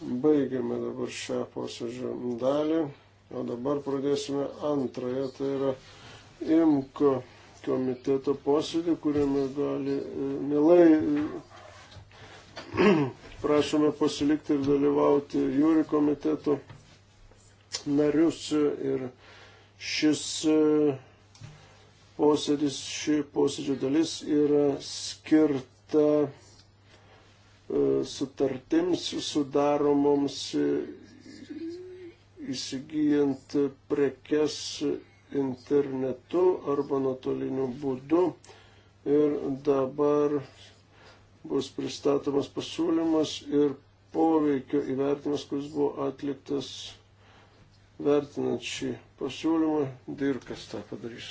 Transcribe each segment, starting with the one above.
Baigiame dabar šią posėdžio dalį, o dabar pradėsime antrąją, tai yra imko komiteto posėdį, kuriame gali e, mielai e, prašome pasilikti ir dalyvauti jūri komiteto narius ir šis e, posėdis, ši posėdžio dalis yra skirta sutartims sudaromoms įsigijant prekes internetu arba nuotoliniu būdu. Ir dabar bus pristatomas pasiūlymas ir poveikio įvertinimas, kuris buvo atliktas vertinant šį pasiūlymą. Dirkas tą padarys.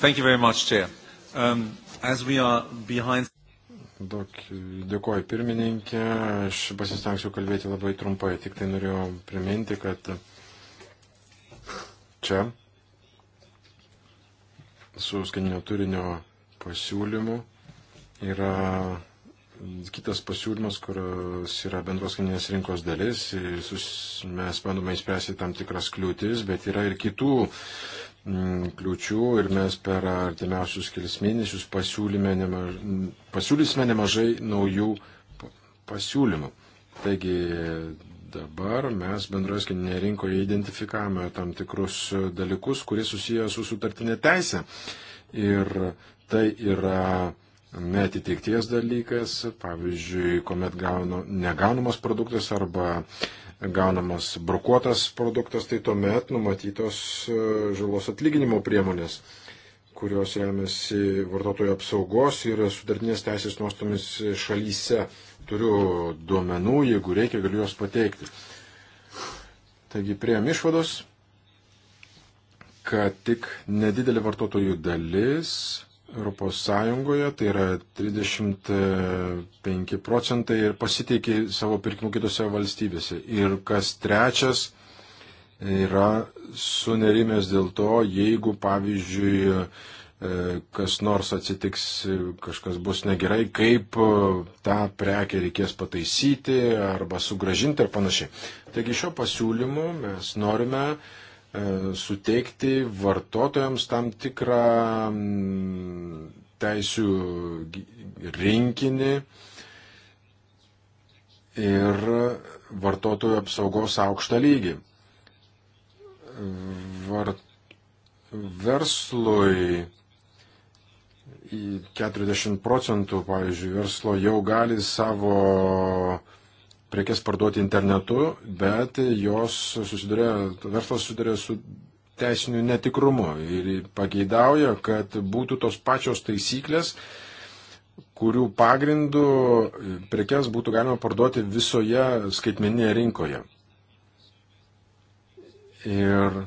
Thank you very much, Chair. Um, behind... Daug dėkoju pirmininkė, aš pasistengsiu kalbėti labai trumpai, tik tai norėjau priminti, kad čia su skaninio turinio pasiūlymu yra kitas pasiūlymas, kurios yra bendros kaininės rinkos dalis. Sus, mes bandome įspręsti tam tikras kliūtis, bet yra ir kitų Mm, kliučių ir mes per artimiausius kelis mėnesius nemaž... pasiūlysime nemažai naujų pasiūlymų. Taigi dabar mes bendroje skaitinėje rinkoje identifikavome tam tikrus dalykus, kurie susiję su sutartinė teisė. Ir tai yra netitikties dalykas, pavyzdžiui, kuomet gaunu, negaunamas produktas arba gaunamas brokuotas produktas, tai tuomet numatytos e, žalos atlyginimo priemonės, kurios remiasi vartotojo apsaugos ir sudartinės teisės nuostomis šalyse. Turiu duomenų, jeigu reikia, galiu juos pateikti. Taigi prieėm išvados, kad tik nedidelė vartotojų dalis Europos Sąjungoje, tai yra 35 procentai ir pasiteikė savo pirkimų kitose valstybėse. Ir kas trečias yra sunerimęs dėl to, jeigu, pavyzdžiui, e, kas nors atsitiks, kažkas bus negerai, kaip e, tą prekę reikės pataisyti arba sugražinti ir panašiai. Taigi šio pasiūlymu mes norime uh, E, suteikti vartotojams tam tikrą teisių rinkinį ir vartotojų apsaugos aukštą lygį. Var... Verslui 40 procentų, pavyzdžiui, verslo jau gali savo prekes parduoti internetu, bet jos susiduria, verslas susiduria su teisiniu netikrumu ir pageidauja, kad būtų tos pačios taisyklės, kurių pagrindų prekes būtų galima parduoti visoje skaitmeninėje rinkoje. Ir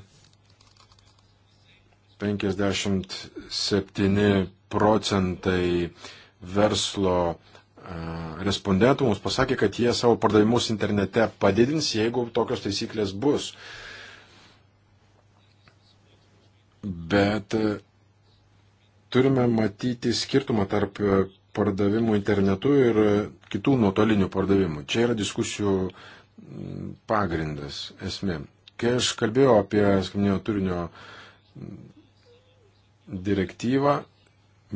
57 procentai verslo respondentų mums pasakė, kad jie savo pardavimus internete padidins, jeigu tokios taisyklės bus. Bet e, turime matyti skirtumą tarp e, pardavimų internetu ir e, kitų nuotolinių pardavimų. Čia yra diskusijų pagrindas, esmė. Kai aš kalbėjau apie skaminio turinio direktyvą,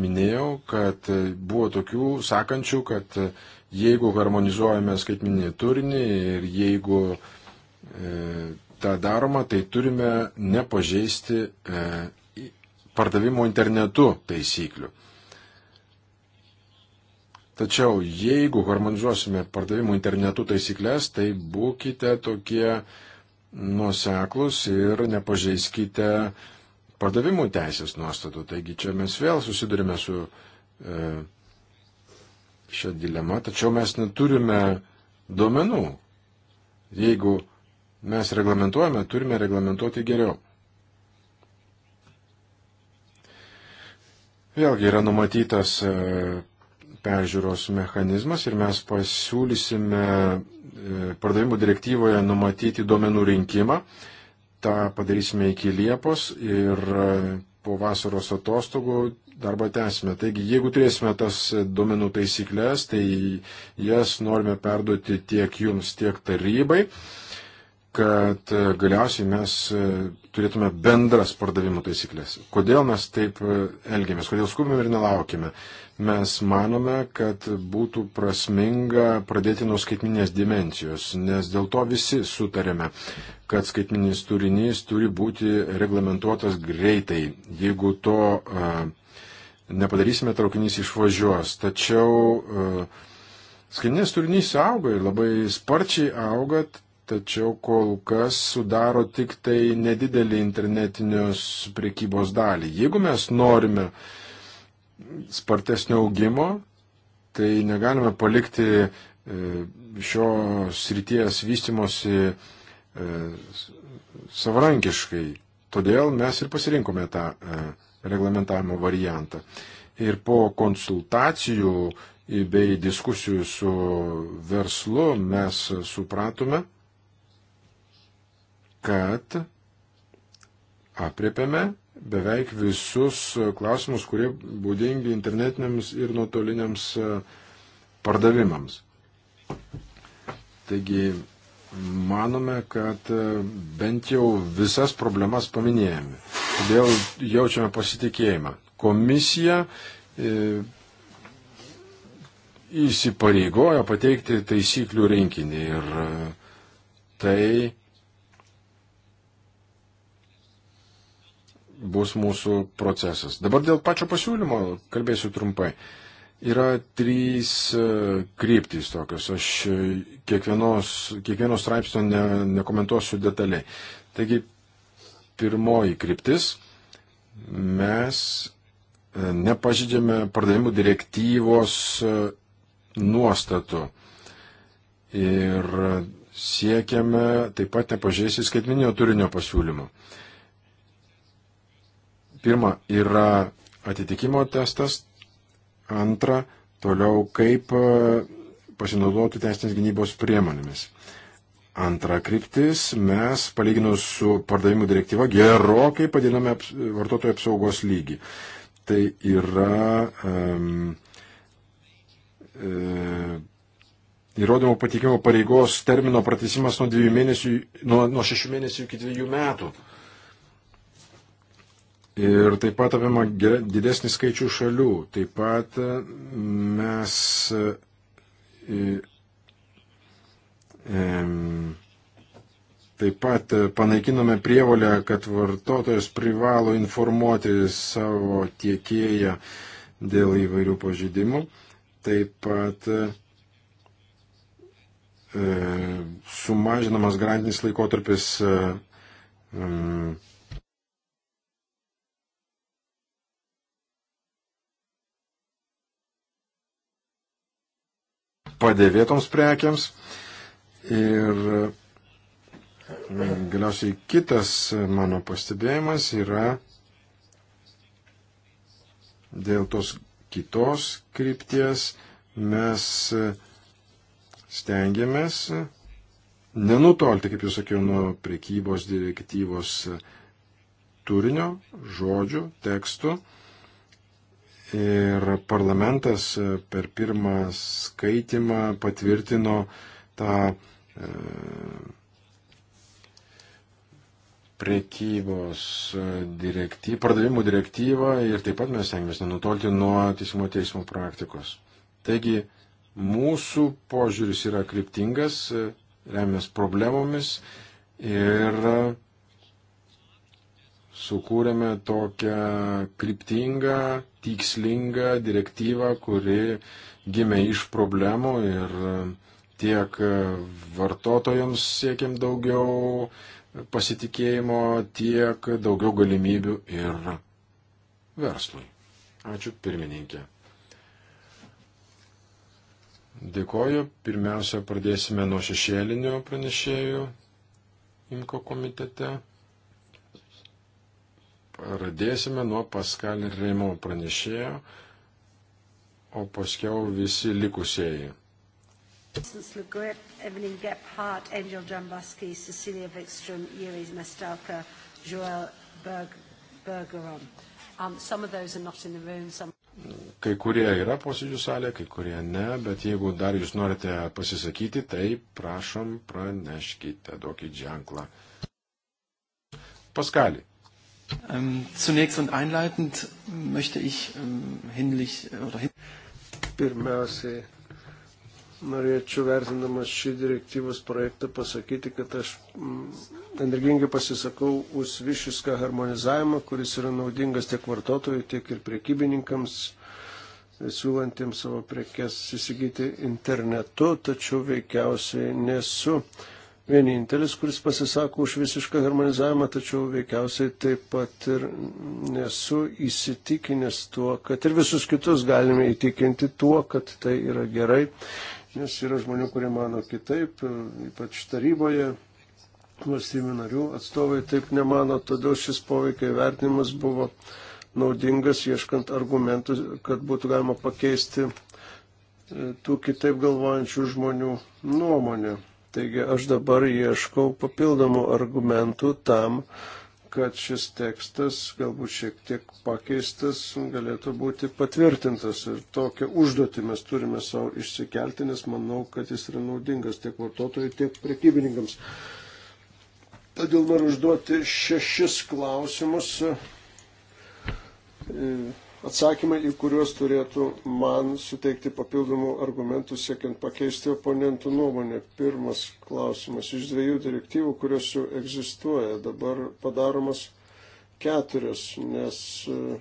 minėjau, kad e, buvo tokių sakančių, kad e, jeigu harmonizuojame skaitminį turinį ir jeigu e, tą daroma, tai turime nepažeisti e, pardavimo internetu taisyklių. Tačiau jeigu harmonizuosime pardavimų internetu taisyklės, tai būkite tokie nuoseklus ir nepažeiskite uh, pardavimų teisės nuostatų. Taigi čia mes vėl susidurime su e, šią dilemą, tačiau mes neturime duomenų. Jeigu mes reglamentuojame, turime reglamentuoti geriau. Vėlgi yra numatytas e, peržiūros mechanizmas ir mes pasiūlysime e, pardavimų direktyvoje numatyti duomenų rinkimą tą padarysime iki Liepos ir e, po vasaros atostogų darbą tęsime. Taigi, jeigu turėsime tas duomenų taisyklės, tai jas norime perduoti tiek jums, tiek tarybai kad e, galiausiai mes e, turėtume bendras pardavimo taisyklės. Kodėl mes taip e, elgiamės, kodėl skubime ir nelaukime? Mes manome, kad būtų prasminga pradėti nuo skaitminės dimencijos, nes dėl to visi sutarėme, kad skaitminis turinys turi būti reglamentuotas greitai. Jeigu to nepadarysime, traukinys išvažiuos. Tačiau skaitminis turinys auga ir labai sparčiai auga, tačiau kol kas sudaro tik tai nedidelį internetinius priekybos dalį. Jeigu mes norime spartesnio augimo, tai negalime palikti e, šios ryties vystimosi e, savarankiškai. Todėl mes ir pasirinkome tą e, reglamentavimo variantą. Ir po konsultacijų bei diskusijų su verslu mes supratome, kad apriepiame beveik visus klausimus, kurie būdingi internetiniams ir nuotoliniams e, pardavimams. Taigi, manome, kad e, bent jau visas problemas paminėjame. Todėl jaučiame pasitikėjimą. Komisija e, įsipareigojo pateikti taisyklių rinkinį ir tai bus mūsų procesas. Dabar dėl pačio pasiūlymo kalbėsiu trumpai. Yra trys e, kryptys tokios. Aš e, kiekvienos, kiekvienos straipsnio ne, nekomentuosiu detaliai. Taigi, pirmoji kryptis. Mes e, nepažydėme pardavimų direktyvos nuostatų. Ir siekiame taip pat nepažeisti skaitminio turinio pasiūlymų. Pirma yra atitikimo testas, antra toliau kaip e, pasinaudoti teisinės gynybos priemonėmis. Antra kryptis, mes palyginus su pardavimų direktyva gerokai padiname vartotojų apsaugos lygį. Tai yra um, e, įrodymų patikimo pareigos termino pratesimas nuo, mėnesių, nuo, nuo šešių mėnesių iki dviejų metų. Uh, Ir taip pat apima didesnį skaičių šalių. Taip pat e, mes e, taip pat e, panaikinome prievolę, kad vartotojas privalo informuoti savo tiekėją dėl įvairių pažydimų. Taip pat sumažinamas garantinis laikotarpis padėvėtoms prekiams. Ir mm, galiausiai kitas mano pastebėjimas yra dėl tos kitos krypties mes stengiamės nenutolti, kaip jau sakiau, nuo prekybos direktyvos turinio, žodžių, tekstų ir parlamentas e, per pirmą skaitimą patvirtino tą e, priekybos e, direktyvą, pardavimų direktyvą ir taip pat mes tengiamės nenutolti nuo teismo teismo praktikos. Taigi mūsų požiūris yra kryptingas, remias problemomis ir sukūrėme tokią kryptingą tikslingą direktyvą, kuri gimė iš problemų ir tiek vartotojams siekiam daugiau pasitikėjimo, tiek daugiau galimybių ir verslui. Ačiū pirmininkė. Dėkoju. Pirmiausia, pradėsime nuo šešėlinio pranešėjų Imko komitete pradėsime nuo Pascal Reimo pranešėjo, o paskiau visi likusieji. Legret, Evelyn Gephardt, Angel Jambuski, Cecilia Vikstrom, Yuri Mestalka, Joel Berg, Bergeron. Um, some of those are not in the room. Some... Kai kurie yra posėdžių salė, kai kurie ne, bet jeigu dar jūs norite pasisakyti, tai prašom praneškite, duokit ženklą. Paskalį. Ähm, zunächst und einleitend möchte ich ähm, hinlich äh, oder hin. Pirmiausiai norėčiau vertindamas šį direktyvos projektą pasakyti, kad aš mm, energingai pasisakau už višišką harmonizavimą, kuris yra naudingas tiek vartotojui, tiek ir priekybininkams, siūlantiems savo prekes įsigyti internetu, tačiau veikiausiai nesu. Uh, vienintelis, kuris pasisako už visišką harmonizavimą, tačiau veikiausiai taip pat ir nesu įsitikinęs tuo, kad ir visus kitus galime įtikinti tuo, kad tai yra gerai, nes yra žmonių, kurie mano kitaip, ypač taryboje. Valstybių narių atstovai taip nemano, todėl šis poveikiai vertinimas buvo naudingas, ieškant argumentų, kad būtų galima pakeisti tų kitaip galvojančių žmonių nuomonę. Taigi aš dabar ieškau papildomų argumentų tam, kad šis tekstas, galbūt šiek tiek pakeistas, galėtų būti patvirtintas. Ir tokią užduotį mes turime savo išsikelti, nes manau, kad jis yra naudingas tiek vartotojui, tiek prekybininkams. Todėl noriu užduoti šešis klausimus. E, atsakymai, į kuriuos turėtų man suteikti papildomų argumentų siekiant pakeisti oponentų nuomonę. Pirmas klausimas iš dviejų direktyvų, kurios jau egzistuoja, dabar padaromas keturios, nes e,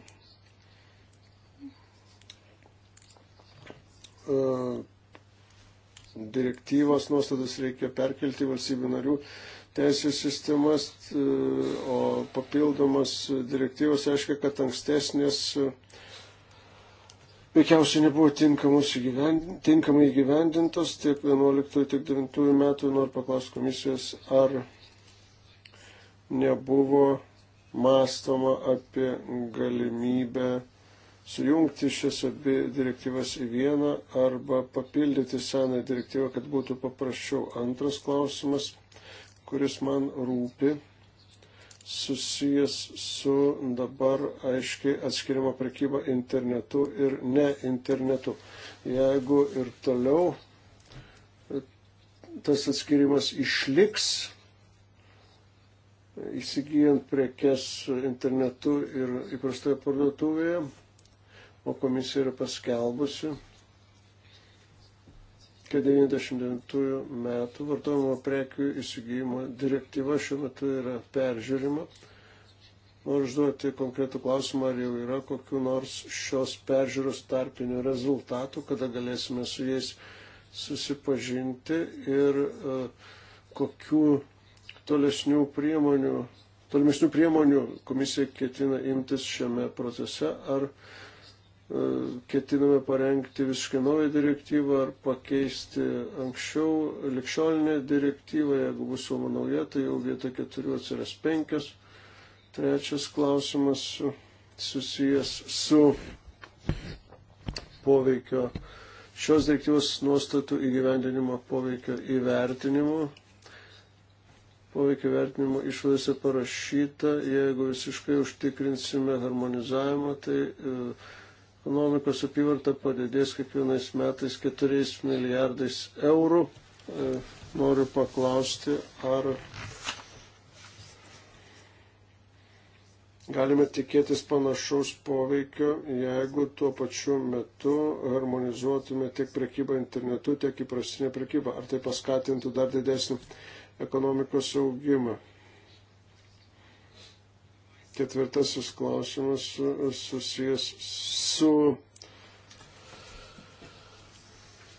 e, direktyvos nuostatas reikia perkelti valstybių narių teisės sistemas, e, o papildomas direktyvos reiškia, kad ankstesnės e, veikiausiai nebuvo tinkamai įgyvendintos tiek 11, tiek 9 metų. Noriu paklausti komisijos, ar nebuvo mąstoma apie galimybę sujungti šias abi direktyvas į vieną arba papildyti seną direktyvą, kad būtų paprasčiau. Antras klausimas kuris man rūpi, susijęs su dabar aiškiai atskirimo prekyba internetu ir ne internetu. Jeigu ir toliau e, tas atskirimas išliks, įsigijant prekes internetu ir įprastoje parduotuvėje, o komisija yra paskelbusi kai 99 metų vartojimo prekių įsigijimo direktyva šiuo metu yra peržiūrima. Noriu užduoti konkretų klausimą, ar jau yra kokiu nors šios peržiūros tarpinių rezultatų, kada galėsime su jais susipažinti ir uh, e, kokiu tolesnių priemonių, tolimesnių priemonių komisija ketina imtis šiame procese, ar uh, E, ketiname parengti visiškai naują direktyvą ar pakeisti anksčiau likščiolinę direktyvą, jeigu bus suma nauja, tai jau vieta keturių atsiras penkias. Trečias klausimas susijęs su poveikio šios direktyvos nuostatų įgyvendinimo poveikio įvertinimu. Poveikio vertinimo išvadose parašyta, jeigu visiškai užtikrinsime harmonizavimą, tai uh, ekonomikos apyvarta padidės kiekvienais metais 4 milijardais eurų. E, noriu paklausti, ar galime tikėtis panašaus poveikio, jeigu tuo pačiu metu harmonizuotume tiek prekybą internetu, tiek įprastinę prekybą. Ar tai paskatintų dar didesnį ekonomikos augimą? Ketvirtasis klausimas susijęs su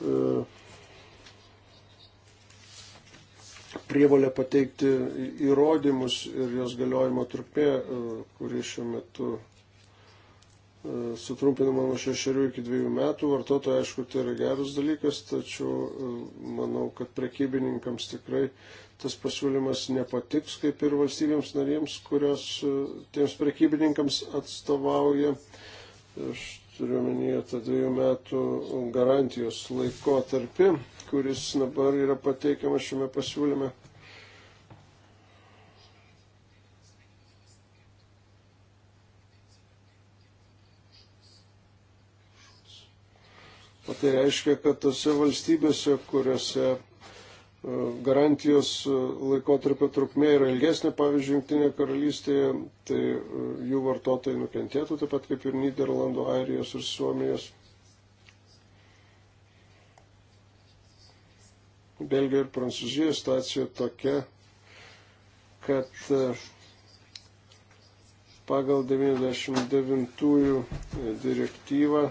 e, prievalė pateikti įrodymus ir jos galiojimo trukmė, e, kuri šiuo metu E, sutrumpinama nuo šešerių iki dviejų metų. Vartotojai, aišku, tai yra geras dalykas, tačiau e, manau, kad prekybininkams tikrai tas pasiūlymas nepatiks, kaip ir valstybėms narėms, kurios e, tiems prekybininkams atstovauja. Aš turiu omenyje tą dviejų metų garantijos laikotarpį, kuris dabar yra pateikiamas šiame pasiūlyme. O tai reiškia, kad tose valstybėse, kuriuose e, garantijos e, laikotarpio trukmė yra ilgesnė, pavyzdžiui, Junktinė karalystėje, tai e, jų vartotojai nukentėtų, taip pat kaip ir Niderlandų, Airijos ir Suomijos. Belgija ir Prancūzija situacija tokia, kad pagal 99 direktyvą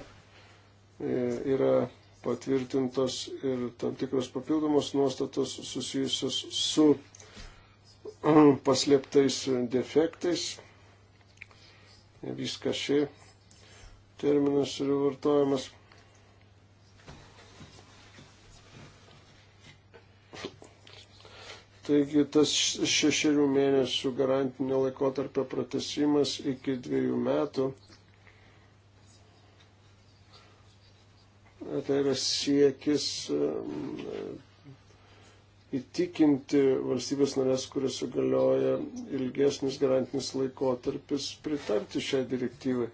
E, yra patvirtintos ir tam tikros papildomos nuostatos susijusios su paslėptais defektais. Viskas šiai terminas yra vartojamas. Taigi tas šešerių mėnesių garantinio laikotarpio pratesimas iki dviejų metų tai yra siekis um, įtikinti valstybės narės, kuriuose galioja ilgesnis garantinis laikotarpis, pritarti šiai direktyvai.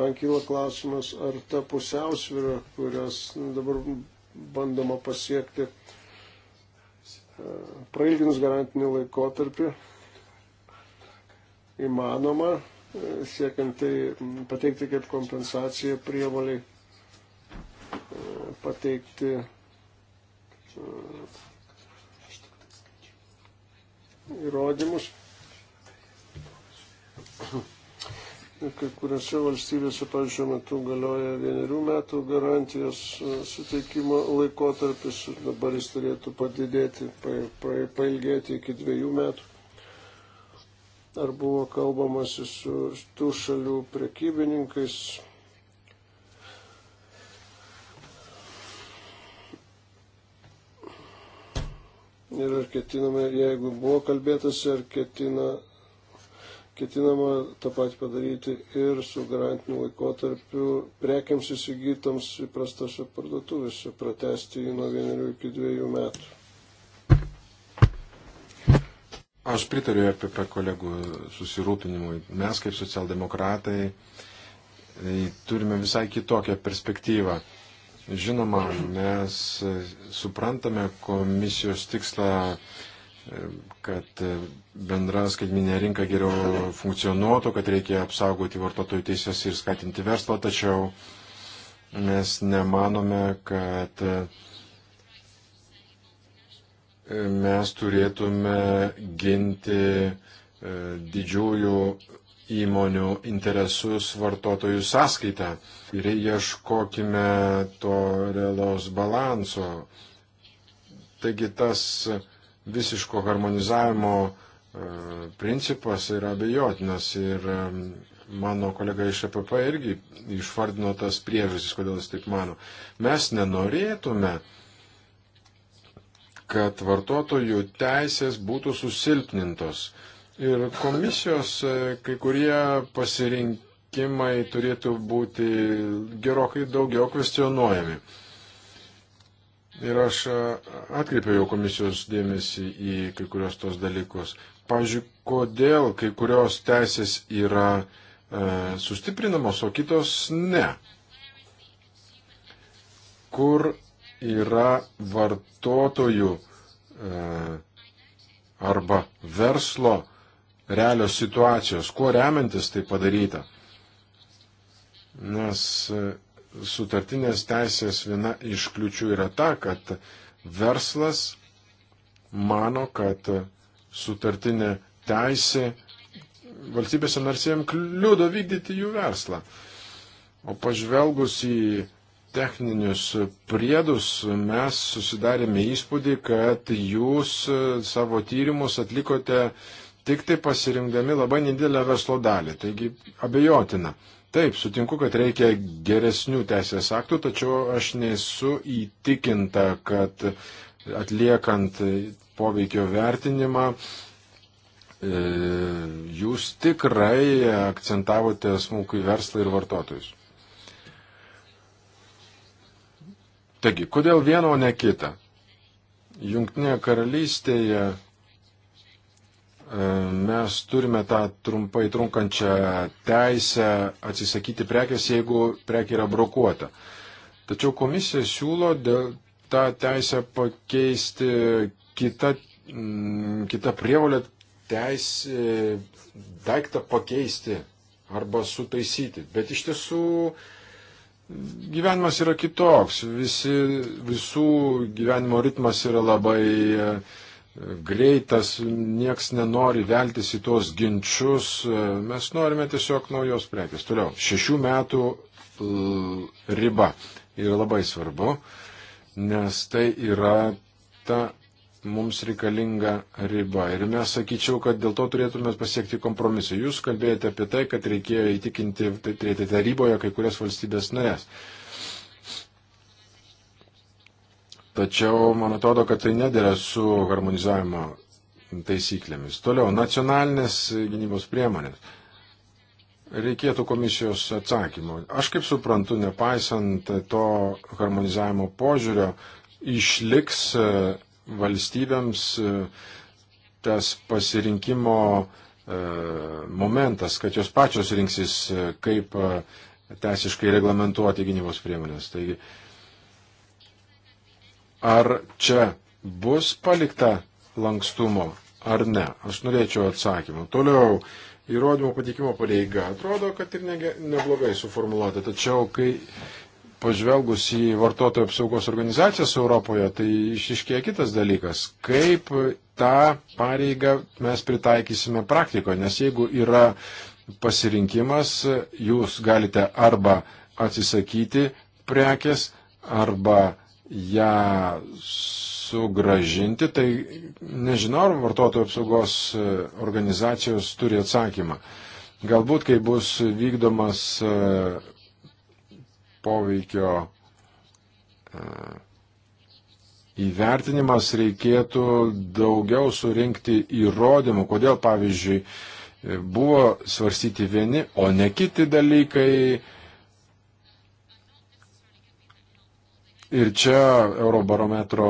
Man kyla klausimas, ar ta pusiausvyrą, kurios dabar bandoma pasiekti, uh, prailginus garantinį laikotarpį įmanoma, e, siekiant tai pateikti kaip kompensaciją prievaliai, e, pateikti e, įrodymus kai kuriuose valstybėse, pavyzdžiui, šiuo metu galioja vienerių metų garantijos e, suteikimo laikotarpis, dabar jis turėtų padidėti, pa, pa, pailgėti iki dviejų metų. Ar buvo kalbamasi su tų šalių prekybininkais? Ir ar ketiname, jeigu buvo kalbėtasi, ar ketina ketinama tą patį padaryti ir su garantiniu laikotarpiu prekiams įsigytoms įprastose parduotuvėse, pratesti jį nuo vienerių iki dviejų metų. Aš pritariu apie, apie kolegų susirūpinimui. Mes kaip socialdemokratai tai turime visai kitokią perspektyvą. Žinoma, mes suprantame komisijos tikslą kad e, bendra skaitminė rinka geriau funkcionuotų, kad reikia apsaugoti vartotojų teisės ir skatinti verslą, tačiau mes nemanome, kad e, mes turėtume ginti e, didžiųjų įmonių interesus vartotojų sąskaitą. Ir ieškokime to realaus balanso. Taigi tas visiško harmonizavimo e, principas yra abejotinas ir e, mano kolega iš EPP irgi išvardino tas priežastis, kodėl jis taip mano. Mes nenorėtume, kad vartotojų teisės būtų susilpnintos. Ir komisijos e, kai kurie pasirinkimai turėtų būti gerokai daugiau kvestionuojami. Ir aš e, atkreipiau jau komisijos dėmesį į kai kurios tos dalykus. Pavyzdžiui, kodėl kai kurios teisės yra e, sustiprinamos, o kitos ne. Kur yra vartotojų e, arba verslo realios situacijos, kuo remiantis tai padaryta. Nes e, sutartinės teisės viena iš kliučių yra ta, kad verslas mano, kad sutartinė teisė valstybėse narsėjim kliūdo vykdyti jų verslą. O pažvelgus į techninius priedus, mes susidarėme įspūdį, kad jūs savo tyrimus atlikote tik tai pasirinkdami labai nedidelę verslo dalį. Taigi abejotina, Taip, sutinku, kad reikia geresnių teisės aktų, tačiau aš nesu įtikinta, kad atliekant poveikio vertinimą, e, jūs tikrai akcentavote smulkų į verslą ir vartotojus. Taigi, kodėl vieną, o ne kitą? Junktinėje karalystėje E, mes turime tą trumpai trunkančią teisę atsisakyti prekės, jeigu prekė yra brokuota. Tačiau komisija siūlo tą teisę pakeisti kitą, kitą prievalę teisę daiktą pakeisti arba sutaisyti. Bet iš tiesų gyvenimas yra kitoks. Visi, visų gyvenimo ritmas yra labai uh, greitas, nieks nenori veltis į tuos ginčius, mes norime tiesiog naujos prekės. Toliau, šešių metų riba yra labai svarbu, nes tai yra ta mums reikalinga riba. Ir mes sakyčiau, kad dėl to turėtume pasiekti kompromisą. Jūs kalbėjote apie tai, kad reikėjo įtikinti turėti tai, tai taryboje kai kurias valstybės narės. Tačiau man atrodo, kad tai nedėra su harmonizavimo taisyklėmis. Toliau, nacionalinės gynybos priemonės. Reikėtų komisijos atsakymo. Aš kaip suprantu, nepaisant to harmonizavimo požiūrio, išliks e, valstybėms e, tas pasirinkimo e, momentas, kad jos pačios rinksis, kaip teisiškai reglamentuoti gynybos priemonės. Taigi, ar čia bus palikta lankstumo ar ne? Aš norėčiau atsakymą. Toliau, įrodymų patikimo pareiga. Atrodo, kad ir neblogai suformuoluota, tačiau kai pažvelgus į vartotojų apsaugos organizacijas Europoje, tai išiškėja kitas dalykas, kaip tą pareigą mes pritaikysime praktikoje, nes jeigu yra pasirinkimas, jūs galite arba atsisakyti prekės, arba ją sugražinti, tai nežinau, ar vartotojų apsaugos e, organizacijos turi atsakymą. Galbūt, kai bus vykdomas e, poveikio e, įvertinimas, reikėtų daugiau surinkti įrodymų, kodėl, pavyzdžiui, buvo svarstyti vieni, o ne kiti dalykai, Ir čia Eurobarometro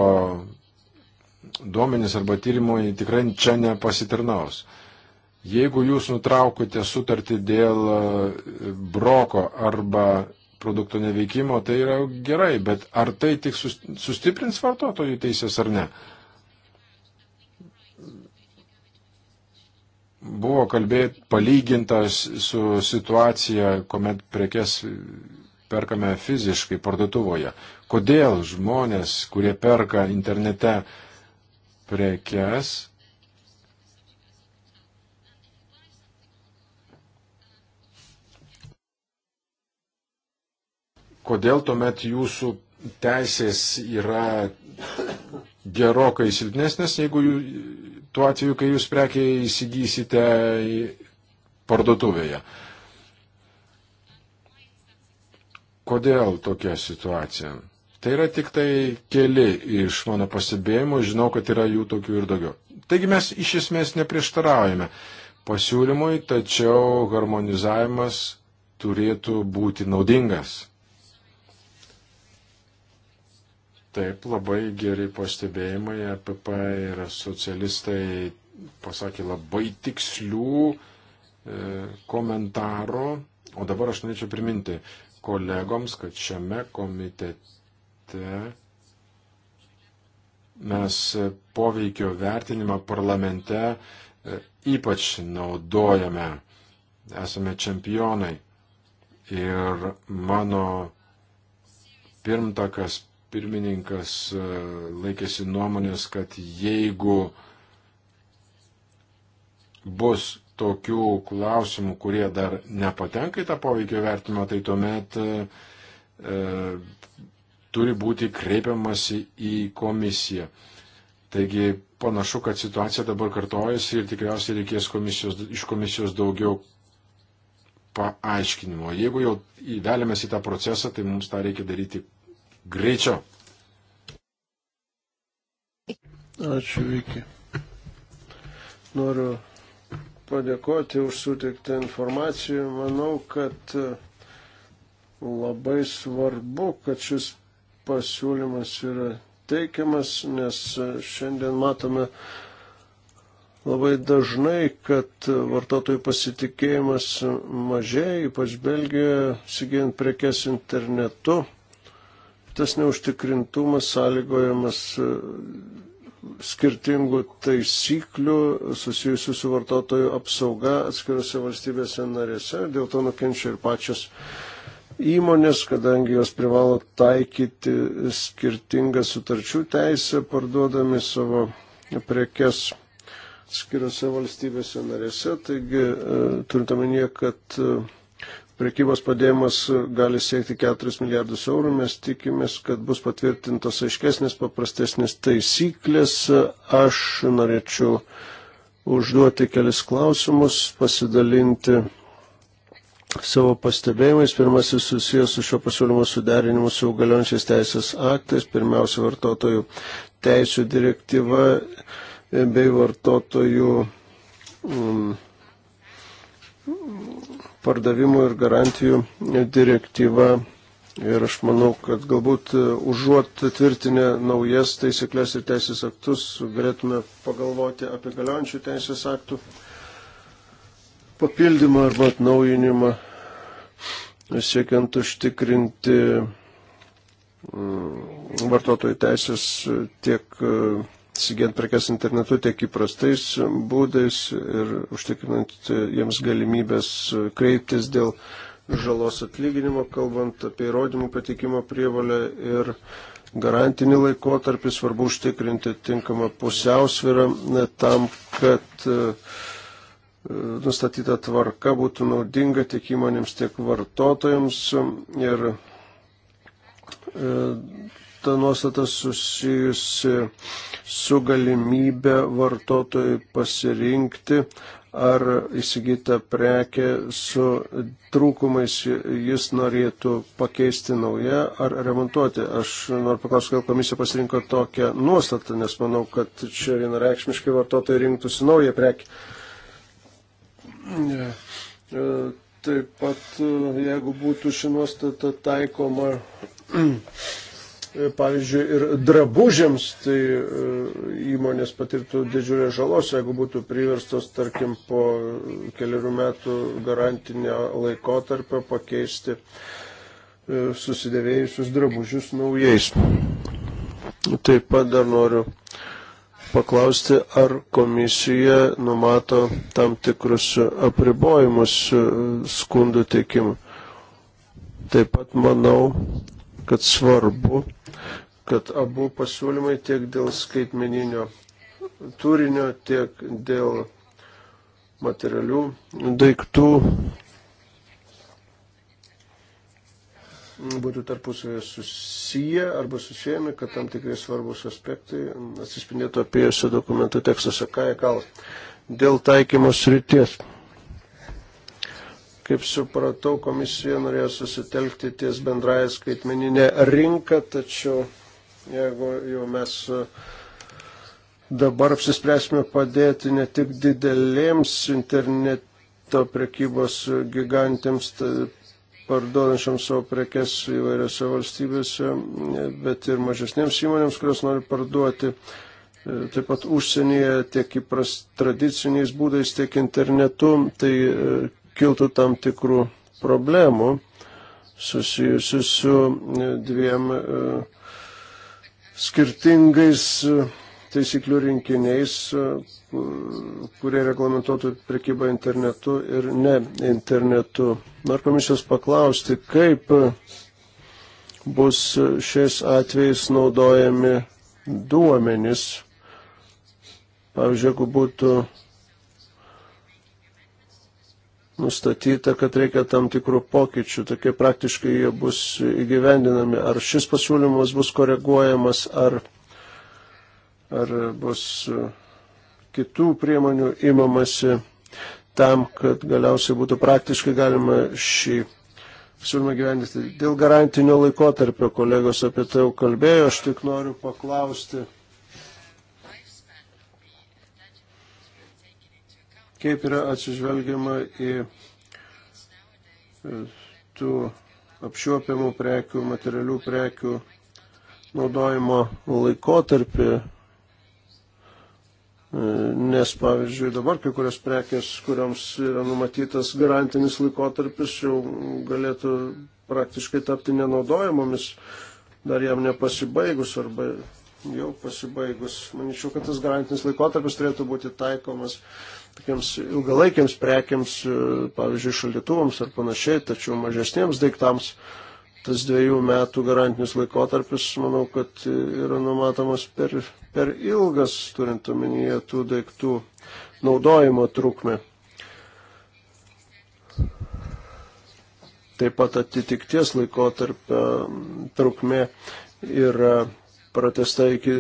duomenys arba tyrimai tikrai čia nepasitarnaus. Jeigu jūs nutraukite sutartį dėl e, broko arba produkto neveikimo, tai yra gerai, bet ar tai tik sustiprins vartotojų teisės ar ne? Buvo kalbėt palygintas su situacija, kuomet prekes perkame fiziškai parduotuvoje. Kodėl žmonės, kurie perka internete prekes, kodėl tuomet jūsų teisės yra gerokai silpnesnės, jeigu jų, tuo atveju, kai jūs prekiai įsigysite parduotuvėje. Uh, Kodėl tokia situacija? Tai yra tik tai keli iš mano pasibėjimų, žinau, kad yra jų tokių ir daugiau. Taigi mes iš esmės neprieštaraujame pasiūlymui, tačiau harmonizavimas turėtų būti naudingas. Taip, labai geri pastebėjimai, APP ir socialistai pasakė labai tikslių e, komentarų, o dabar aš norėčiau priminti, kolegoms, kad šiame komitete mes poveikio vertinimą parlamente e, ypač naudojame. Esame čempionai. Ir mano pirmtakas, pirmininkas e, laikėsi nuomonės, kad jeigu bus tokių klausimų, kurie dar nepatenka į tą poveikio vertimą, tai tuomet e, e, turi būti kreipiamasi į komisiją. Taigi panašu, kad situacija dabar kartojasi ir tikriausiai reikės komisijos, iš komisijos daugiau paaiškinimo. Jeigu jau įvelėmės į tą procesą, tai mums tą reikia daryti greičiau. Ačiū, iki. Noriu padėkoti už sutiktą informaciją. Manau, kad e, labai svarbu, kad šis pasiūlymas yra teikiamas, nes e, šiandien matome labai dažnai, kad e, vartotojų pasitikėjimas mažėja, ypač Belgijoje, įsigijant prekes internetu. Tas neužtikrintumas sąlygojamas skirtingų taisyklių susijusių su vartotojų apsauga atskirose valstybėse narėse. Dėl to nukenčia ir pačios įmonės, kadangi jos privalo taikyti skirtingą sutarčių teisę, parduodami savo prekes skiriose valstybėse narėse. Taigi, e, turint omenyje, kad e, Prekybos padėjimas gali siekti 4 milijardus eurų. Mes tikimės, kad bus patvirtintos aiškesnės, paprastesnės taisyklės. Aš norėčiau užduoti kelis klausimus, pasidalinti savo pastebėjimais. Pirmasis susijęs su šio pasiūlymo suderinimu su galiojančiais teisės aktais, pirmiausia vartotojų teisų direktyva bei vartotojų um, pardavimų ir garantijų direktyva. Ir aš manau, kad galbūt e, užuot tvirtinę naujas taisyklės ir teisės aktus, galėtume pagalvoti apie galiojančių teisės aktų papildymą arba atnaujinimą, siekiant užtikrinti mm, vartotojų teisės tiek e, įsigijant prekes internetu tiek įprastais būdais ir užtikrinant jiems galimybės kreiptis dėl žalos atlyginimo, kalbant apie įrodymų patikimo prievalę ir garantinį laikotarpį, svarbu užtikrinti tinkamą pusiausvyrą e, tam, kad e, nustatyta tvarka būtų naudinga tiek įmonėms, tiek vartotojams ir e, ta nuostata susijusi su galimybė vartotojui pasirinkti, ar įsigyta prekė su trūkumais jis norėtų pakeisti naują ar remontuoti. Aš noriu paklausti, kodėl komisija pasirinko tokią nuostatą, nes manau, kad čia vienareikšmiškai vartotojai rinktųsi naują prekį. E, taip pat, e, jeigu būtų ši nuostata taikoma E, pavyzdžiui, ir drabužiams, tai e, įmonės patirtų didžiulę žalos, jeigu būtų priverstos, tarkim, po keliarių metų garantinio laikotarpio pakeisti e, susidėvėjusius drabužius naujais. Taip pat dar noriu paklausti, ar komisija numato tam tikrus apribojimus skundų teikimui. Taip pat manau, kad svarbu kad abu pasiūlymai tiek dėl skaitmeninio turinio, tiek dėl materialių daiktų būtų tarpusavėje susiję arba susijęmi, kad tam tikrai svarbus aspektai atsispindėtų abiejose dokumentų tekstuose. Ką jie kalba? Dėl taikymos ryties. Kaip supratau, komisija norėjo susitelkti ties bendrąją skaitmeninę rinką, tačiau jeigu jau mes e, dabar apsispręsime padėti ne tik didelėms interneto prekybos gigantėms, parduodančiams savo prekes įvairiose valstybėse, bet ir mažesnėms įmonėms, kurios nori parduoti e, taip pat užsienyje tiek įpras tradiciniais būdais, tiek internetu, tai e, kiltų tam tikrų problemų susijusių su dviem uh, skirtingais e, taisyklių rinkiniais, e, kurie reglamentuotų prekybą internetu ir ne internetu. Noriu komisijos paklausti, kaip e, bus šiais atvejais naudojami duomenys. Pavyzdžiui, jeigu būtų nustatyta, kad reikia tam tikrų pokyčių, tokie praktiškai jie bus įgyvendinami. Ar šis pasiūlymas bus koreguojamas, ar, ar bus e, kitų priemonių imamasi tam, kad galiausiai būtų praktiškai galima šį pasiūlymą gyvendinti. Dėl garantinio laikotarpio kolegos apie tai jau kalbėjo, aš tik noriu paklausti kaip yra atsižvelgiama į e, tų apčiuopiamų prekių, materialių prekių naudojimo laikotarpį. E, nes, pavyzdžiui, dabar kai kurios prekės, kuriams yra numatytas garantinis laikotarpis, jau galėtų praktiškai tapti nenaudojamomis, dar jam nepasibaigus arba jau pasibaigus. Manyčiau, kad tas garantinis laikotarpis turėtų būti taikomas tokiems ilgalaikiams prekiams, e, pavyzdžiui, šaldytuvams ar panašiai, tačiau mažesniems daiktams tas dviejų metų garantinis laikotarpis, manau, kad yra numatomas per, per ilgas, turint omenyje tų daiktų naudojimo trukmę. Taip pat atitikties laikotarpio trukmė yra pratesta iki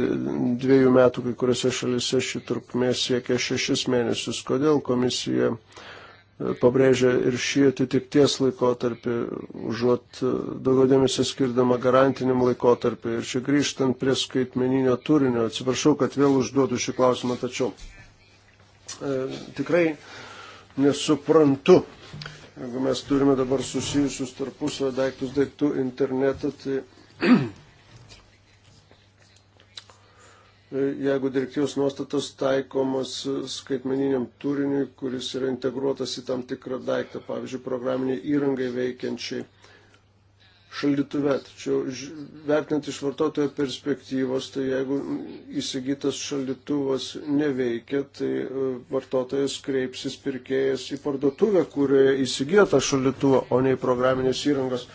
dviejų metų, kai kuriuose šalise ši trukmė siekia šešis mėnesius. Kodėl komisija e, pabrėžia ir šį atitikties laikotarpį, užuot e, daugiau dėmesio skirdama garantiniam laikotarpį. Ir čia grįžtant prie skaitmeninio turinio, atsiprašau, kad vėl užduodu šį klausimą, tačiau e, tikrai nesuprantu, jeigu mes turime dabar susijusius tarpusavio daiktus, daiktų internetą, tai E, jeigu direktyvos nuostatos taikomas skaitmeniniam turiniui, kuris yra integruotas į tam tikrą daiktą, pavyzdžiui, programinį įrangai veikiančiai šaldytuve. Tačiau vertinant iš vartotojo perspektyvos, tai jeigu įsigytas šaldytuvas neveikia, tai e, vartotojas kreipsis pirkėjas į parduotuvę, kurioje įsigijo tą šaldytuvą, o ne į programinės įrangos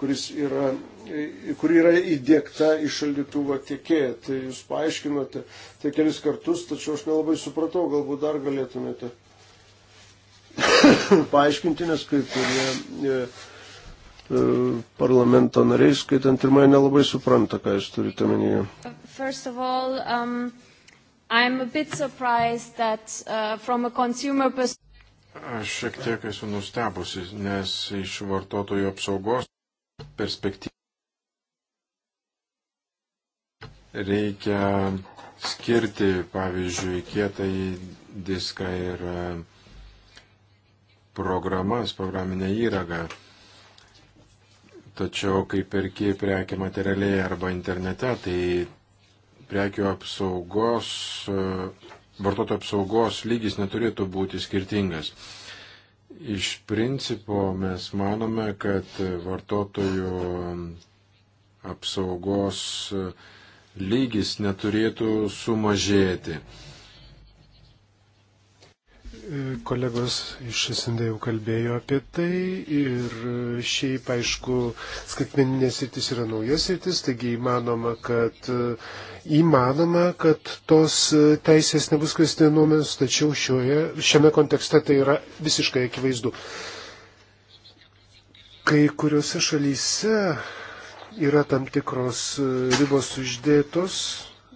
kuris yra, kuri yra įdėkta į šaldytuvo tiekėją. Tai jūs paaiškinote tai kelis kartus, tačiau aš nelabai supratau, galbūt dar galėtumėte paaiškinti, nes kai kurie e, e, parlamento nariai, skaitant ir mane, nelabai supranta, ką jūs turite omenyje. All, um, that, uh, consumer... Aš šiek tiek esu nustebusi, nes iš vartotojų apsaugos perspektyvą reikia skirti, pavyzdžiui, kietai diską ir e, programas, programinę įrangą. Tačiau, kai perki prekia materialiai arba internete, tai prekių apsaugos, e, vartotojų apsaugos lygis neturėtų būti skirtingas. Iš principo mes manome, kad vartotojų apsaugos lygis neturėtų sumažėti. Kolegos iš SND jau kalbėjo apie tai ir šiaip, aišku, skaitmeninės rytis yra naujas rytis, taigi įmanoma, kad įmanoma, kad tos teisės nebus kvestionuomės, tačiau šioje, šiame kontekste tai yra visiškai akivaizdu. Kai kuriuose šalyse yra tam tikros e, ribos uždėtos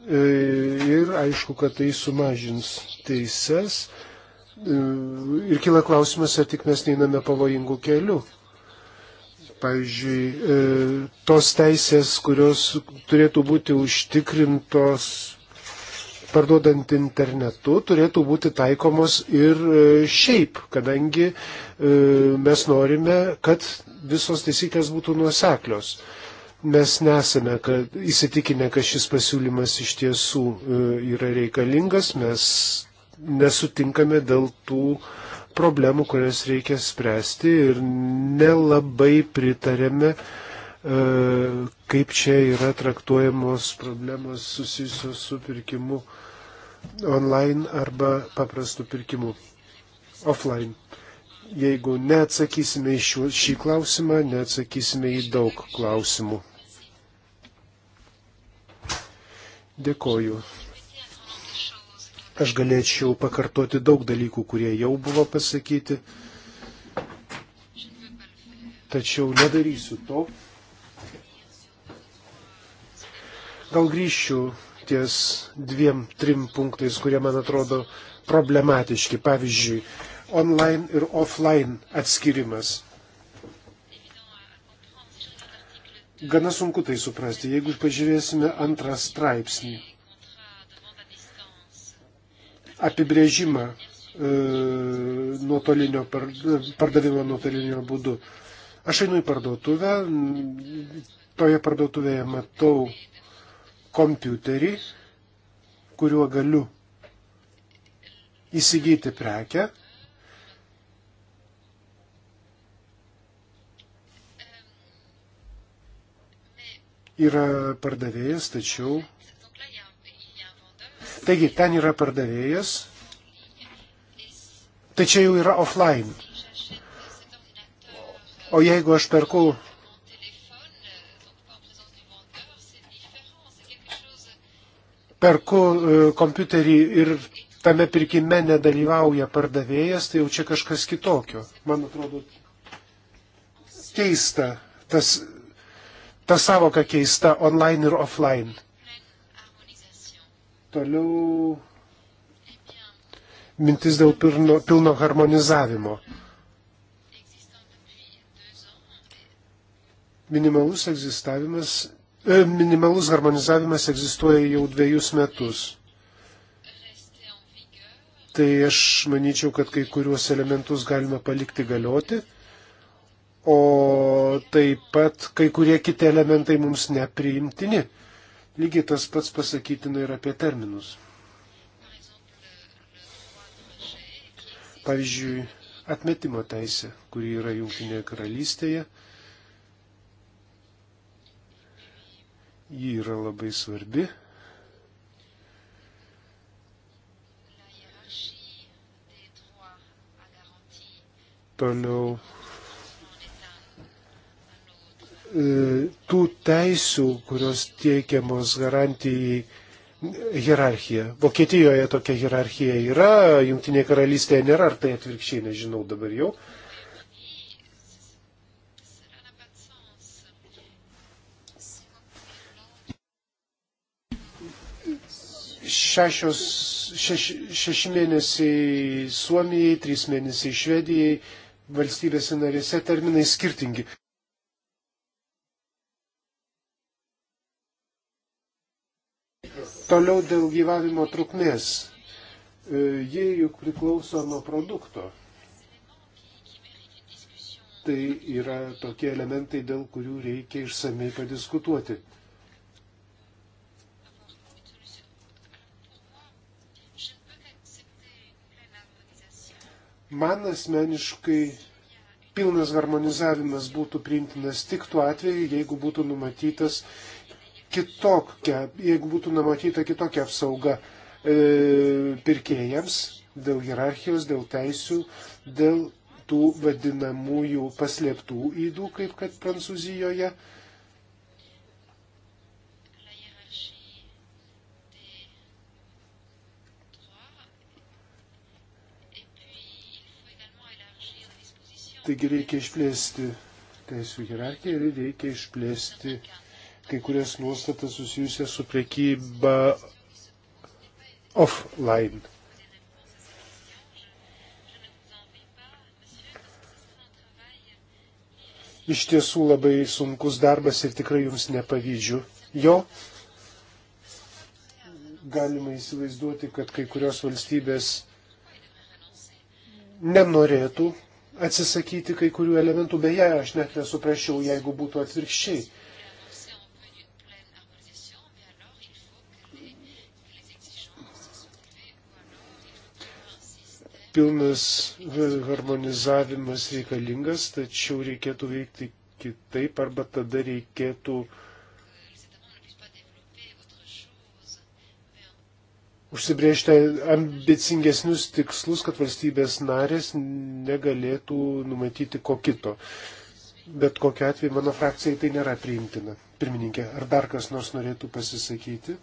e, ir aišku, kad tai sumažins teises ir kyla klausimas, ar tik mes neiname pavojingų kelių. Pavyzdžiui, e, tos teisės, kurios turėtų būti užtikrintos parduodant internetu, turėtų būti taikomos ir e, šiaip, kadangi e, mes norime, kad visos taisyklės būtų nuoseklios mes nesame kad, įsitikinę, kad šis pasiūlymas iš tiesų yra reikalingas, mes nesutinkame dėl tų problemų, kurias reikia spręsti ir nelabai pritarėme, e, kaip čia yra traktuojamos problemos susijusios su pirkimu online arba paprastu pirkimu offline. Jeigu neatsakysime į šiuo, šį klausimą, neatsakysime į daug klausimų. Dėkoju. Aš galėčiau pakartoti daug dalykų, kurie jau buvo pasakyti, tačiau nedarysiu to. Gal grįšiu ties dviem, trim punktais, kurie man atrodo problematiški. Pavyzdžiui, online ir offline atskirimas. Gana sunku tai suprasti. Jeigu pažiūrėsime antrą straipsnį, apibrėžimą e, nuotolinio pardavimo nuotolinio būdu. Aš einu į parduotuvę, toje parduotuvėje matau kompiuterį, kuriuo galiu įsigyti prekę. Yra pardavėjas, tačiau Taigi ten yra pardavėjas, tai čia jau yra offline. O jeigu aš perku perku e, kompiuterį ir tame pirkime nedalyvauja pardavėjas, tai jau čia kažkas kitokio. Man atrodo, keista tas, ta savoka keista online ir offline. Toliau mintis dėl pilno, pilno harmonizavimo. Minimalus, e, minimalus harmonizavimas egzistuoja jau dviejus metus. Tai aš manyčiau, kad kai kuriuos elementus galima palikti galioti, o taip pat kai kurie kiti elementai mums nepriimtini. Lygiai tas pats pasakytina ir apie terminus. Pavyzdžiui, atmetimo teisė, kuri yra Junktinėje karalystėje, ji yra labai svarbi. Toliau E, tų teisių, kurios tiekiamos garantijai hierarchija. Vokietijoje tokia hierarchija yra, Junktinėje karalystėje nėra, ar tai atvirkščiai, nežinau dabar jau. Šešios, šeš, šeši mėnesiai Suomijai, trys mėnesiai Švedijai, valstybėse narėse terminai skirtingi. Toliau dėl gyvavimo trukmės. E, Jie juk priklauso nuo produkto. Tai yra tokie elementai, dėl kurių reikia išsamei padiskutuoti. Man asmeniškai pilnas harmonizavimas būtų priimtinas tik tuo atveju, jeigu būtų numatytas kitokia, jeigu būtų numatyta kitokia apsauga e, pirkėjams dėl hierarchijos, dėl teisių, dėl tų vadinamųjų paslėptų įdų, kaip kad Prancūzijoje. Taigi reikia išplėsti teisų hierarchiją ir reikia išplėsti kai kurias nuostatas susijusias su priekyba offline. Iš tiesų labai sunkus darbas ir tikrai jums nepavydžiu jo. Galima įsivaizduoti, kad kai kurios valstybės nenorėtų atsisakyti kai kurių elementų, beje, aš net nesuprasčiau, jeigu būtų atvirkščiai. pilnas harmonizavimas reikalingas, tačiau reikėtų veikti kitaip arba tada reikėtų užsibriežti ambicingesnius tikslus, kad valstybės narės negalėtų numatyti ko kito. Bet kokiu atveju mano frakcijai tai nėra priimtina. Pirmininkė, ar dar kas nors norėtų pasisakyti?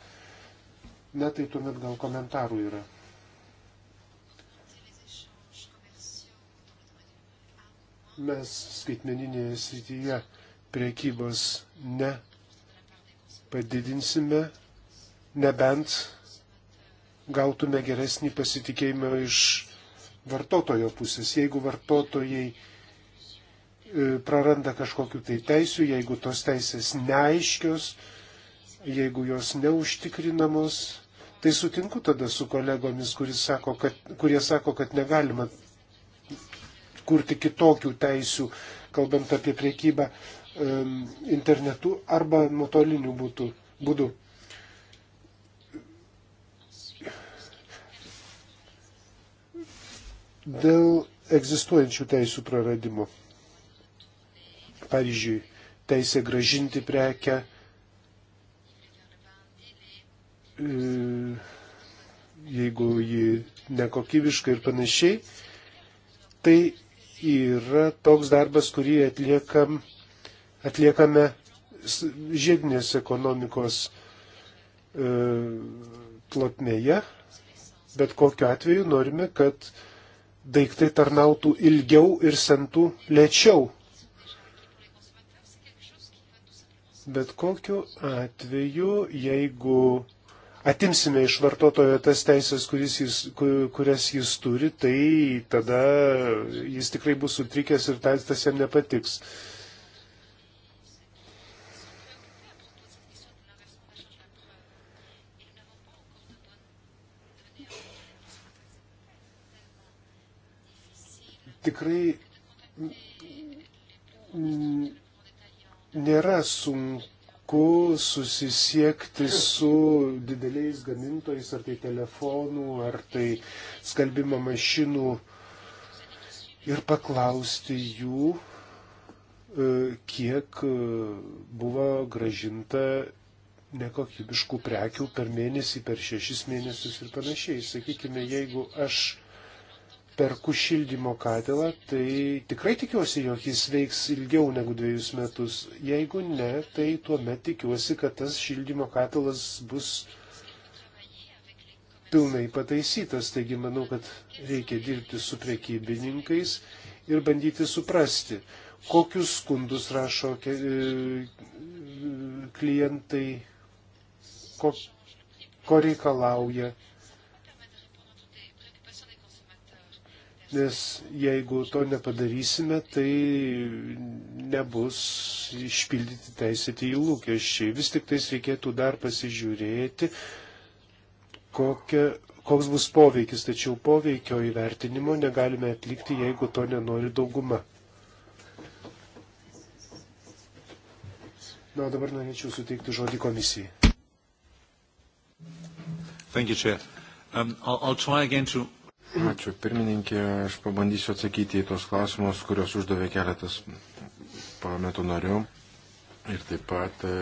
Na tai tuomet gal komentarų yra. mes skaitmeninėje srityje priekybos ne padidinsime, nebent gautume geresnį pasitikėjimą iš vartotojo pusės. Jeigu vartotojai e, praranda kažkokiu tai teisiu, jeigu tos teisės neaiškios, jeigu jos neužtikrinamos, tai sutinku tada su kolegomis, sako, kad, kurie sako, kad negalima kurti kitokių teisių, kalbant apie priekybą internetu arba nuotoliniu būdu. Dėl egzistuojančių teisų praradimo. Pavyzdžiui, teisė gražinti prekę, e, jeigu ji nekokybiška ir panašiai, tai yra toks darbas, kurį atliekam, atliekame žiedinės ekonomikos e, plotmėje, bet kokiu atveju norime, kad daiktai tarnautų ilgiau ir sentų lėčiau. Bet kokiu atveju, jeigu atimsime iš vartotojo tas teisės, jis, kurias jis turi, tai tada jis tikrai bus sutrikęs ir tas, tas jam nepatiks. Tikrai nėra sunku sunku susisiekti su dideliais gamintojais, ar tai telefonų, ar tai skalbimo mašinų ir paklausti jų, e, kiek e, buvo gražinta nekokybiškų prekių per mėnesį, per šešis mėnesius ir panašiai. Sakykime, jeigu aš perku šildymo katilą, tai tikrai tikiuosi, jog jis veiks ilgiau negu dviejus metus. Jeigu ne, tai tuomet tikiuosi, kad tas šildymo katilas bus pilnai pataisytas. Taigi manau, kad reikia dirbti su prekybininkais ir bandyti suprasti, kokius skundus rašo e, klientai, ko, ko reikalauja nes jeigu to nepadarysime, tai nebus išpildyti teisėti į lūkesčiai. Vis tik tais reikėtų dar pasižiūrėti, kokia, koks bus poveikis, tačiau poveikio įvertinimo negalime atlikti, jeigu to nenori dauguma. Na, o dabar norėčiau suteikti žodį komisijai. Thank you, Chair. Um, I'll, I'll try again to Ačiū pirmininkė, aš pabandysiu atsakyti į tos klausimus, kurios uždavė keletas parlamento narių ir taip pat e,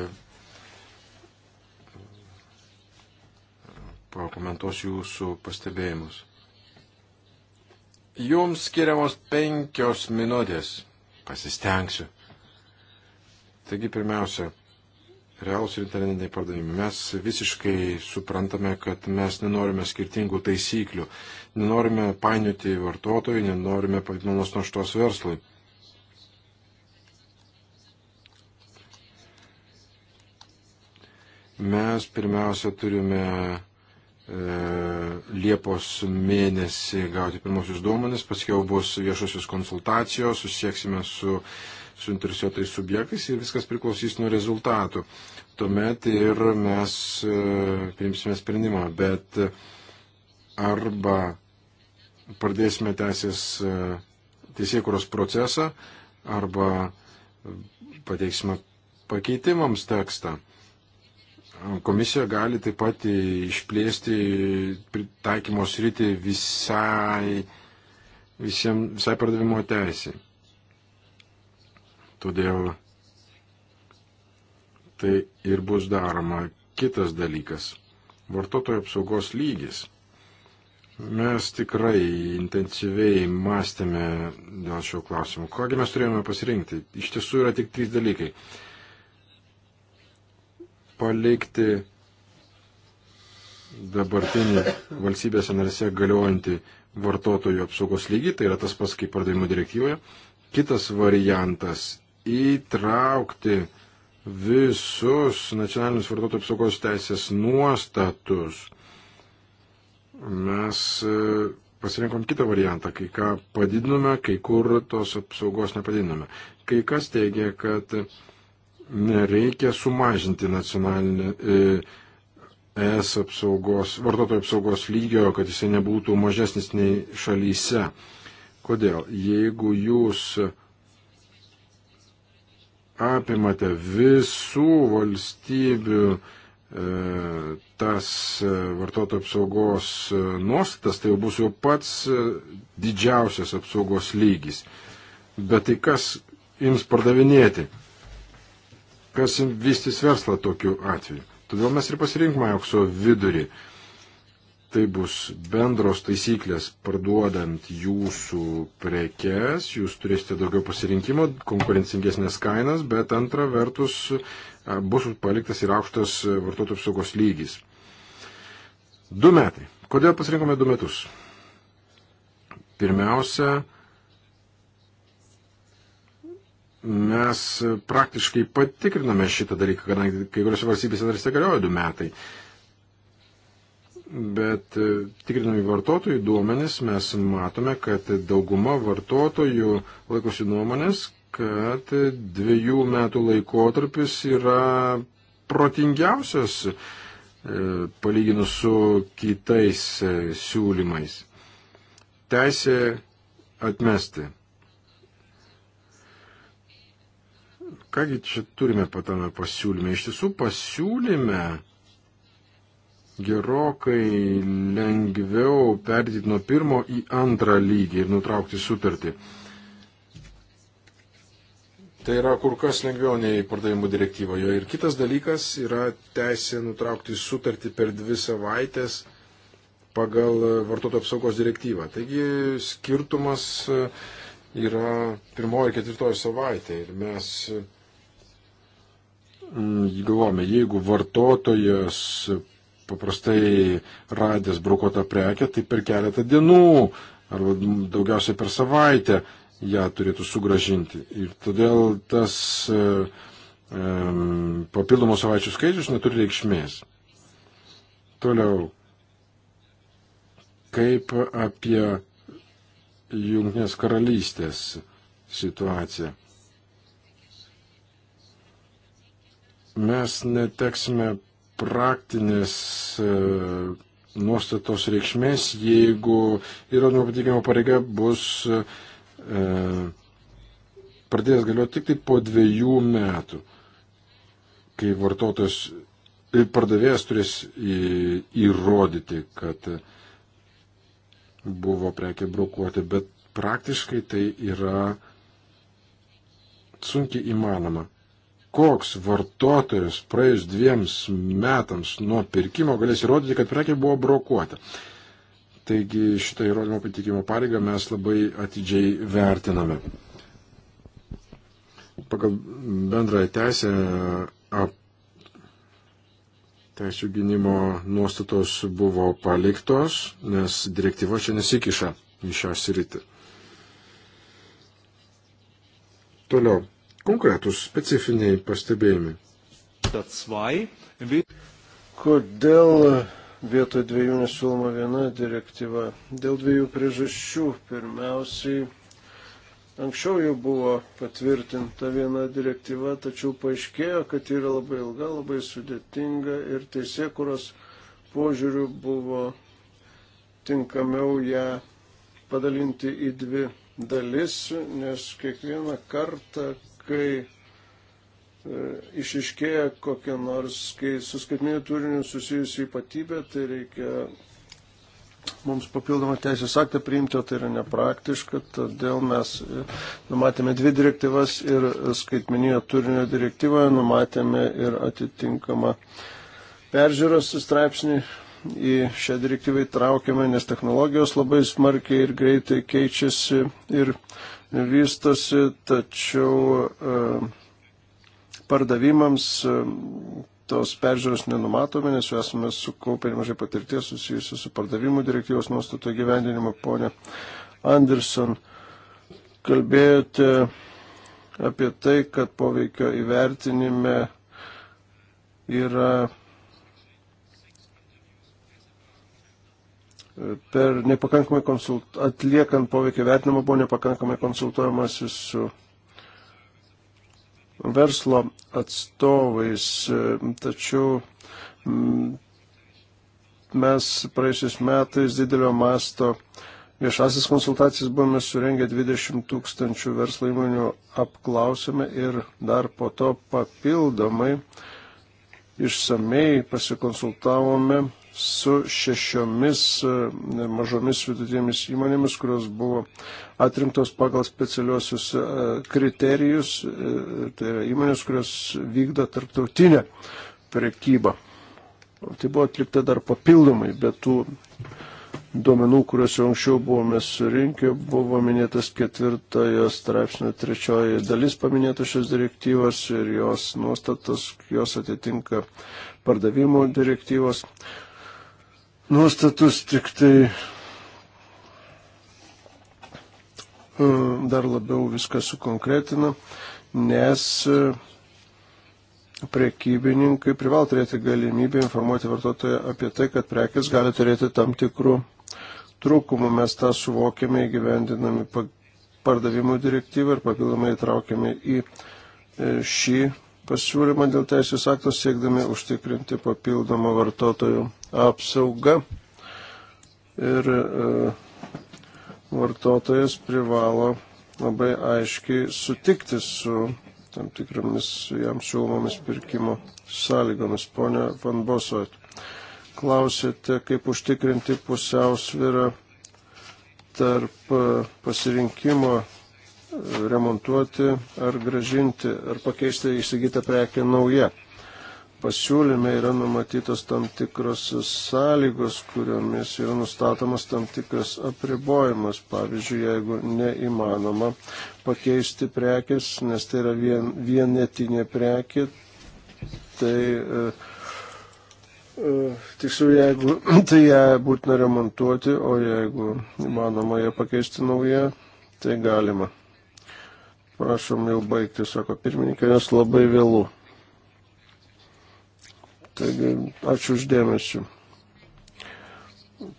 pakomentuosiu jūsų pastebėjimus. Jums skiriamos penkios minutės. Pasistengsiu. Taigi pirmiausia, realūs ir internetiniai pardavimai. Mes visiškai suprantame, kad mes nenorime skirtingų taisyklių, nenorime painioti vartotojų, nenorime padidinamas naštos verslui. Mes pirmiausia turime E, Liepos mėnesį gauti pirmosius duomenis, paskiau bus viešosios konsultacijos, susieksime su suinteresuotais subjektais ir viskas priklausys nuo rezultatų. Tuomet ir mes e, priimsime sprendimą, bet arba pradėsime teisės e, teisėkuros procesą, arba pateiksime pakeitimams tekstą. Komisija gali taip pat išplėsti pritaikymo sritį visai, visiem, visai pardavimo teisiai. Todėl tai ir bus daroma. Kitas dalykas - vartotojų apsaugos lygis. Mes tikrai intensyviai mąstėme dėl šio klausimo. Kągi mes turėjome pasirinkti? Iš tiesų yra tik trys dalykai palikti dabartinį valstybės narėse galiojantį vartotojų apsaugos lygį, tai yra tas pats kaip pardavimo direktyvoje. Kitas variantas - įtraukti visus nacionalinius vartotojų apsaugos teisės nuostatus. Mes e, pasirinkom kitą variantą, kai ką padidinome, kai kur tos apsaugos nepadidinome. Kai kas teigia, kad reikia sumažinti nacionalinę e, ES apsaugos, vartotojų apsaugos lygio, kad jisai nebūtų mažesnis nei šalyse. Kodėl? Jeigu jūs apimate visų valstybių e, tas e, vartotojų apsaugos nuostatas, tai jau bus jau pats didžiausias apsaugos lygis. Bet tai kas jums pardavinėti? kas vystys verslą tokiu atveju. Todėl mes ir pasirinkome aukso vidurį. Tai bus bendros taisyklės parduodant jūsų prekes, jūs turėsite daugiau pasirinkimo, konkurencingesnės kainas, bet antra vertus bus paliktas ir aukštas vartotojų apsaugos lygis. Du metai. Kodėl pasirinkome du metus? Pirmiausia, mes praktiškai patikrinome šitą dalyką, kadangi kai kuriuose valstybėse dar įsigaliojo du metai. Bet e, tikrinami vartotojų duomenis mes matome, kad dauguma vartotojų laikosi nuomonės, kad dviejų metų laikotarpis yra protingiausias e, palyginus su kitais e, siūlymais. Teisė atmesti Kągi čia turime patame pasiūlyme? Iš tiesų pasiūlyme gerokai lengviau perdyti nuo pirmo į antrą lygį ir nutraukti sutartį. Tai yra kur kas lengviau nei pardavimų direktyvoje. Ir kitas dalykas yra teisė nutraukti sutartį per dvi savaitės pagal vartotojų apsaugos direktyvą. Taigi skirtumas yra pirmoji ir ketvirtoji savaitė ir mes Mm, galvojame, jeigu vartotojas paprastai radęs brokotą prekę, tai per keletą dienų arba daugiausiai per savaitę ją turėtų sugražinti. Ir todėl tas e, e papildomų savaičių skaičius neturi reikšmės. Toliau, kaip apie Junknės karalystės situaciją. mes neteksime praktinės e, nuostatos reikšmės, jeigu įrodymų pateikimo pareiga bus e, pradėjęs galioti tik tai po dviejų metų, kai vartotojas ir e, pardavėjas turės į, įrodyti, kad buvo prekė brokuoti, bet praktiškai tai yra sunkiai įmanoma koks vartotojas praėjus dviems metams nuo pirkimo galės įrodyti, kad prekė buvo brokuota. Taigi šitą įrodymo patikimo pareigą mes labai atidžiai vertiname. Pagal bendrąją teisę ap, teisų gynimo nuostatos buvo paliktos, nes direktyva čia nesikiša į šią sritį. Toliau konkretus specifiniai pastebėjimai. Kodėl vietoj dviejų nesiūloma viena direktyva? Dėl dviejų priežasčių. Pirmiausiai, anksčiau jau buvo patvirtinta viena direktyva, tačiau paaiškėjo, kad yra labai ilga, labai sudėtinga ir teisėkuros požiūrių buvo tinkamiau ją padalinti į dvi dalis, nes kiekvieną kartą, kai e, išiškėja kokia nors, kai su skaitminiu turiniu susijusi ypatybė, tai reikia mums papildomą teisės aktą priimti, o tai yra nepraktiška, todėl mes e, numatėme dvi direktyvas ir skaitmeninio turinio direktyvoje numatėme ir atitinkamą peržiūros straipsnį. Į šią direktyvą įtraukėme, nes technologijos labai smarkiai ir greitai keičiasi ir uh, vystosi, tačiau e, pardavimams e, tos peržiūros nenumatome, nes jau esame sukaupę nemažai patirties susijusių su pardavimų direktyvos nuostato gyvendinimu. Pone Anderson, kalbėjote apie tai, kad poveikio įvertinime yra per nepakankamai konsult... atliekant poveikį vertinimą buvo nepakankamai konsultuojamasi su verslo atstovais. Tačiau mm, mes praėjusiais metais didelio masto viešasis konsultacijas buvome surengę 20 tūkstančių verslo įmonių apklausėme ir dar po to papildomai išsamei pasikonsultavome su šešiomis e, mažomis vidutinėmis įmonėmis, kurios buvo atrinktos pagal specialiuosius e, kriterijus, e, tai yra įmonės, kurios vykdo tarptautinę prekybą. Tai buvo atlikta dar papildomai, bet tų duomenų, kuriuos jau anksčiau buvome surinkę, buvo minėtas ketvirtojo straipsnio trečioji dalis paminėta šios direktyvos ir jos nuostatos, jos atitinka pardavimo direktyvos nuostatus tik tai e, dar labiau viską sukonkretina, nes e, prekybininkai privalo turėti galimybę informuoti vartotoją apie tai, kad prekes gali turėti tam tikrų trūkumų. Mes tą suvokėme įgyvendinami pardavimų direktyvą ir papildomai įtraukėme į e, šį pasiūlymą dėl teisės aktos siekdami užtikrinti papildomą vartotojų apsauga ir e, vartotojas privalo labai aiškiai sutikti su tam tikromis jam siūlomomis pirkimo sąlygomis. Pone Van Bosot, klausėte, kaip užtikrinti pusiausvyrą tarp e, pasirinkimo e, remontuoti ar gražinti ar pakeisti įsigytą prekę naują pasiūlyme yra numatytos tam tikros sąlygos, kuriomis yra nustatomas tam tikras apribojimas. Pavyzdžiui, jeigu neįmanoma pakeisti prekės, nes tai yra vien, vienetinė prekė, tai e, e Tiksliau, jeigu tai ją būtina remontuoti, o jeigu įmanoma ją pakeisti naują, tai galima. Prašom jau baigti, sako pirmininkė, nes labai vėlų. Taigi, ačiū uždėmesi.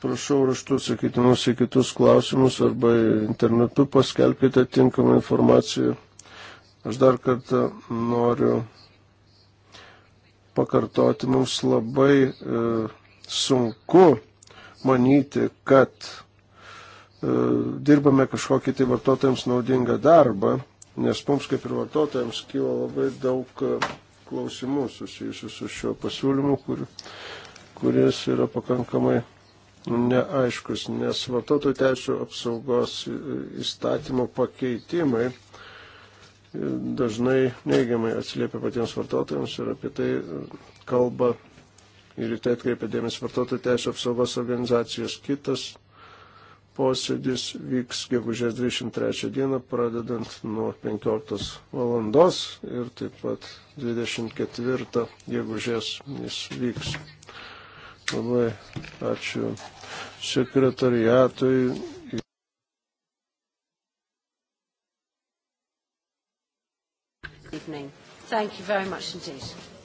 Prašau raštu atsakyti mums į kitus klausimus arba internetu paskelbkite tinkamą informaciją. Aš dar kartą noriu pakartoti, mums labai e, sunku manyti, kad e, dirbame kažkokį tai vartotojams naudingą darbą, nes mums kaip ir vartotojams kyla labai daug e, klausimų susijusių su šiuo pasiūlymu, kur, kuris yra pakankamai neaiškus, nes vartotojų teisų apsaugos įstatymo pakeitimai dažnai neigiamai atsiliepia patiems vartotojams ir apie tai kalba ir į tai atkreipia dėmesį vartotojų teisų apsaugos organizacijos. Kitas posėdis vyks gegužės 23 dieną, pradedant nuo 15 valandos ir taip pat 24 gegužės jis vyks. Labai ačiū sekretariatui. Evening. Thank you very much indeed.